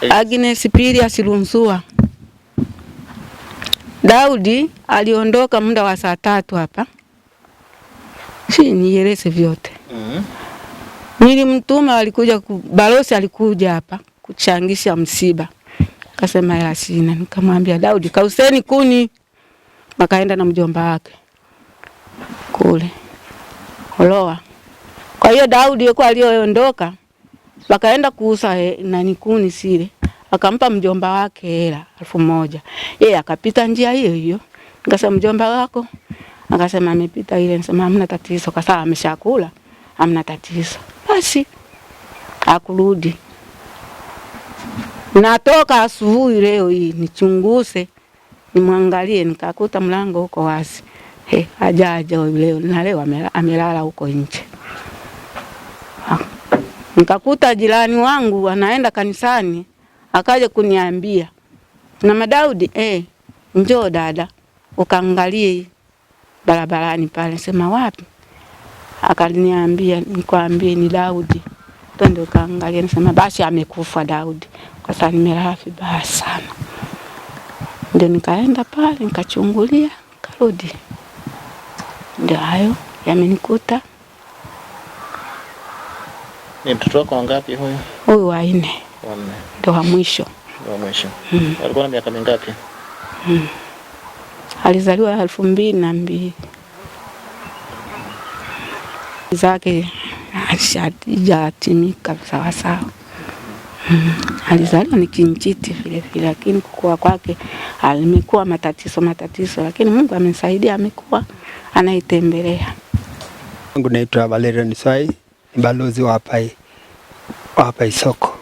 Eh. Agnes pili asirunzua Daudi aliondoka muda wa saa tatu hapa, si nieleze vyote mm Nilimtuma, alikuja balosi, alikuja hapa kuchangisha msiba, kasema hela sina. Nikamwambia Daudi, kauseni kuni, makaenda na mjomba wake kule Uloa. Kwa hiyo Daudi yuko alioondoka wakaenda kuuza eh, nani kuni sile, akampa mjomba wake hela elfu moja yeye akapita njia hiyo hiyo. Nikasema mjomba wako, akasema amepita ile. Nisema hamna tatizo, kwa sababu ameshakula, hamna tatizo. Basi akurudi natoka asubuhi leo hii nichunguse nimwangalie, nikakuta mlango uko wazi. He, eh, ajaja leo na leo amelala huko nje nikakuta jirani wangu anaenda kanisani, akaja kuniambia na Madaudi eh, njoo dada ukaangalie barabarani pale. Sema wapi? Akaniambia nikwambie ni Daudi, twende ukaangalie. Nasema basi amekufa Daudi, kwa sababu nimelafi baya sana. Ndio nikaenda pale nikachungulia, karudi. Ndio hayo yamenikuta. Ni mtoto wako wangapi huyu? Huyu wa nne. Wa nne. Ndio wa mwisho. Wa mwisho. Mm. Alikuwa na miaka mingapi? Mm. Alizaliwa elfu mbili na mbili zake hajatimika sawasawa. Mm. Alizaliwa ni kinchiti vile vile, lakini kukua kwake alimekuwa matatizo matatizo, lakini Mungu amesaidia, amekuwa anaitembelea. Mungu naitwa Valerian Swai balozi wa hapa Isoko.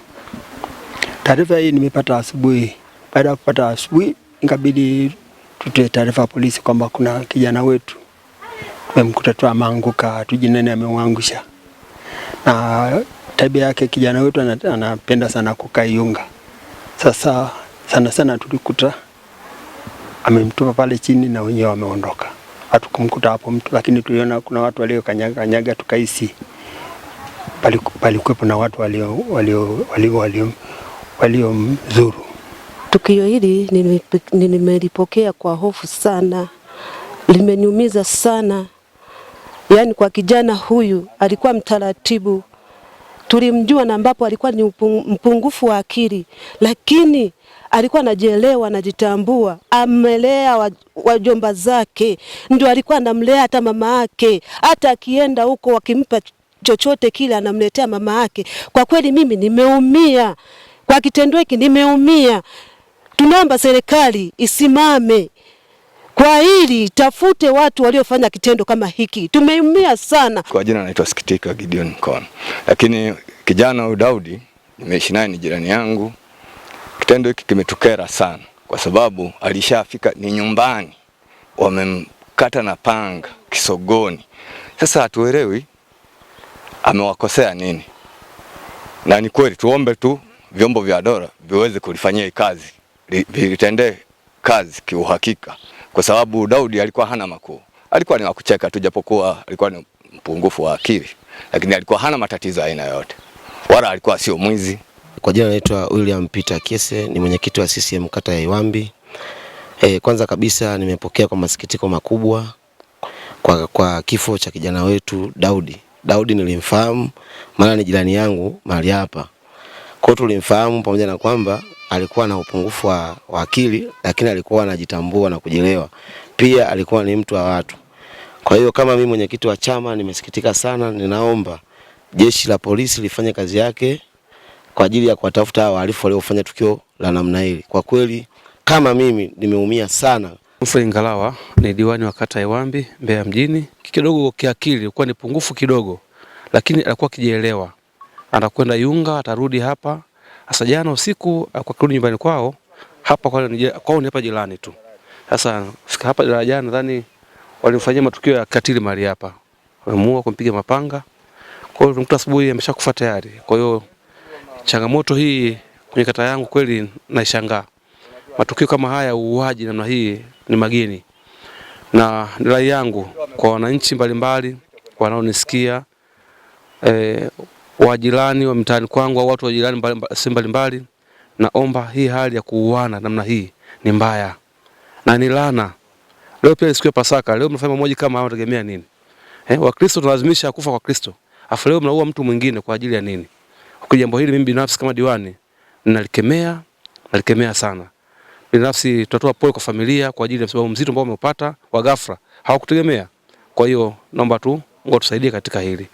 Taarifa hii nimepata asubuhi. Baada ya kupata asubuhi, ikabidi tutoe taarifa polisi kwamba kuna kijana wetu tumemkuta tu ameanguka, tujui nani amemwangusha, na tabia yake kijana wetu anapenda sana kukaiunga. Sasa sana sana tulikuta amemtupa pale chini na wenyewe wameondoka. Hatukumkuta hapo mtu, lakini tuliona kuna watu waliokanyaga kanyaga, tukaisi palikuwepo na watu waliomzuru walio, mzuru tukio hili nimelipokea kwa hofu sana, limeniumiza sana yaani, kwa kijana huyu alikuwa mtaratibu, tulimjua na ambapo alikuwa ni mpungufu wa akili, lakini alikuwa anajielewa, anajitambua, amelea wajomba zake, ndio alikuwa anamlea hata mama yake. Hata akienda huko wakimpa chochote kile anamletea mama yake. Kwa kweli mimi nimeumia kwa kitendo hiki, nimeumia. Tunaomba serikali isimame kwa hili, tafute watu waliofanya kitendo kama hiki, tumeumia sana. Kwa jina naitwa Sikitika Gideon Mkono, lakini kijana huyu Daudi nimeishi naye, ni jirani yangu. Kitendo hiki kimetukera sana, kwa sababu alishafika ni nyumbani, wamemkata na panga kisogoni. Sasa hatuelewi amewakosea nini? Na ni kweli, tuombe tu vyombo vya dola viweze kulifanyia kazi, vitendee kazi kiuhakika, kwa sababu Daudi alikuwa hana makuu, alikuwa ni wakucheka tu, japokuwa alikuwa ni mpungufu wa akili, lakini alikuwa hana matatizo aina yote, wala alikuwa sio mwizi. Kwa jina naitwa William Peter Kiese, ni mwenyekiti wa CCM kata ya Iwambi. E, kwanza kabisa nimepokea kwa masikitiko makubwa kwa, kwa kifo cha kijana wetu Daudi. Daudi nilimfahamu maana ni jirani yangu mahali hapa. Kwa hiyo tulimfahamu pamoja na kwamba alikuwa na upungufu wa, wa akili lakini alikuwa anajitambua na kujielewa. Pia alikuwa ni mtu wa watu. Kwa hiyo kama mimi mwenyekiti wa chama nimesikitika sana, ninaomba jeshi la polisi lifanye kazi yake kwa ajili ya kuwatafuta hao wahalifu waliofanya tukio la namna hili. Kwa kweli kama mimi nimeumia sana. Humphrey Ngalawa ni diwani wa kata ya Iwambi Mbeya mjini. Kidogo kiakili ilikuwa ni pungufu kidogo, lakini alikuwa akijielewa, anakwenda Yunga atarudi hapa. Sasa jana usiku kwa akarudi nyumbani kwao hapa, kwao ni hapa jirani tu. Sasa fika hapa daraja, nadhani walimfanyia matukio ya katili mali hapa, wamemuua kumpiga mapanga. Kwa hiyo mtu asubuhi ameshakufa tayari. Kwa hiyo changamoto hii kwenye kata yangu kweli naishangaa, matukio kama haya, uuaji namna hii ni mageni, na rai yangu kwa wananchi mbalimbali wanaonisikia e, wajirani wa mtaani kwangu au watu wa jirani sehemu mbalimbali, naomba hii hali ya kuuana namna hii ni mbaya na ni laana. Leo pia siku ya Pasaka, leo mnafanya mmoja kama hao, tegemea nini eh? Wakristo tunalazimisha kufa kwa Kristo, afu leo mnaua mtu mwingine kwa ajili ya nini? Kwa jambo hili mimi binafsi kama diwani nalikemea, nalikemea sana binafsi tutatoa pole kwa familia kwa ajili ya msiba mzito ambao umeupata wa ghafla, hawakutegemea. Kwa hiyo naomba tu Mungu atusaidie katika hili.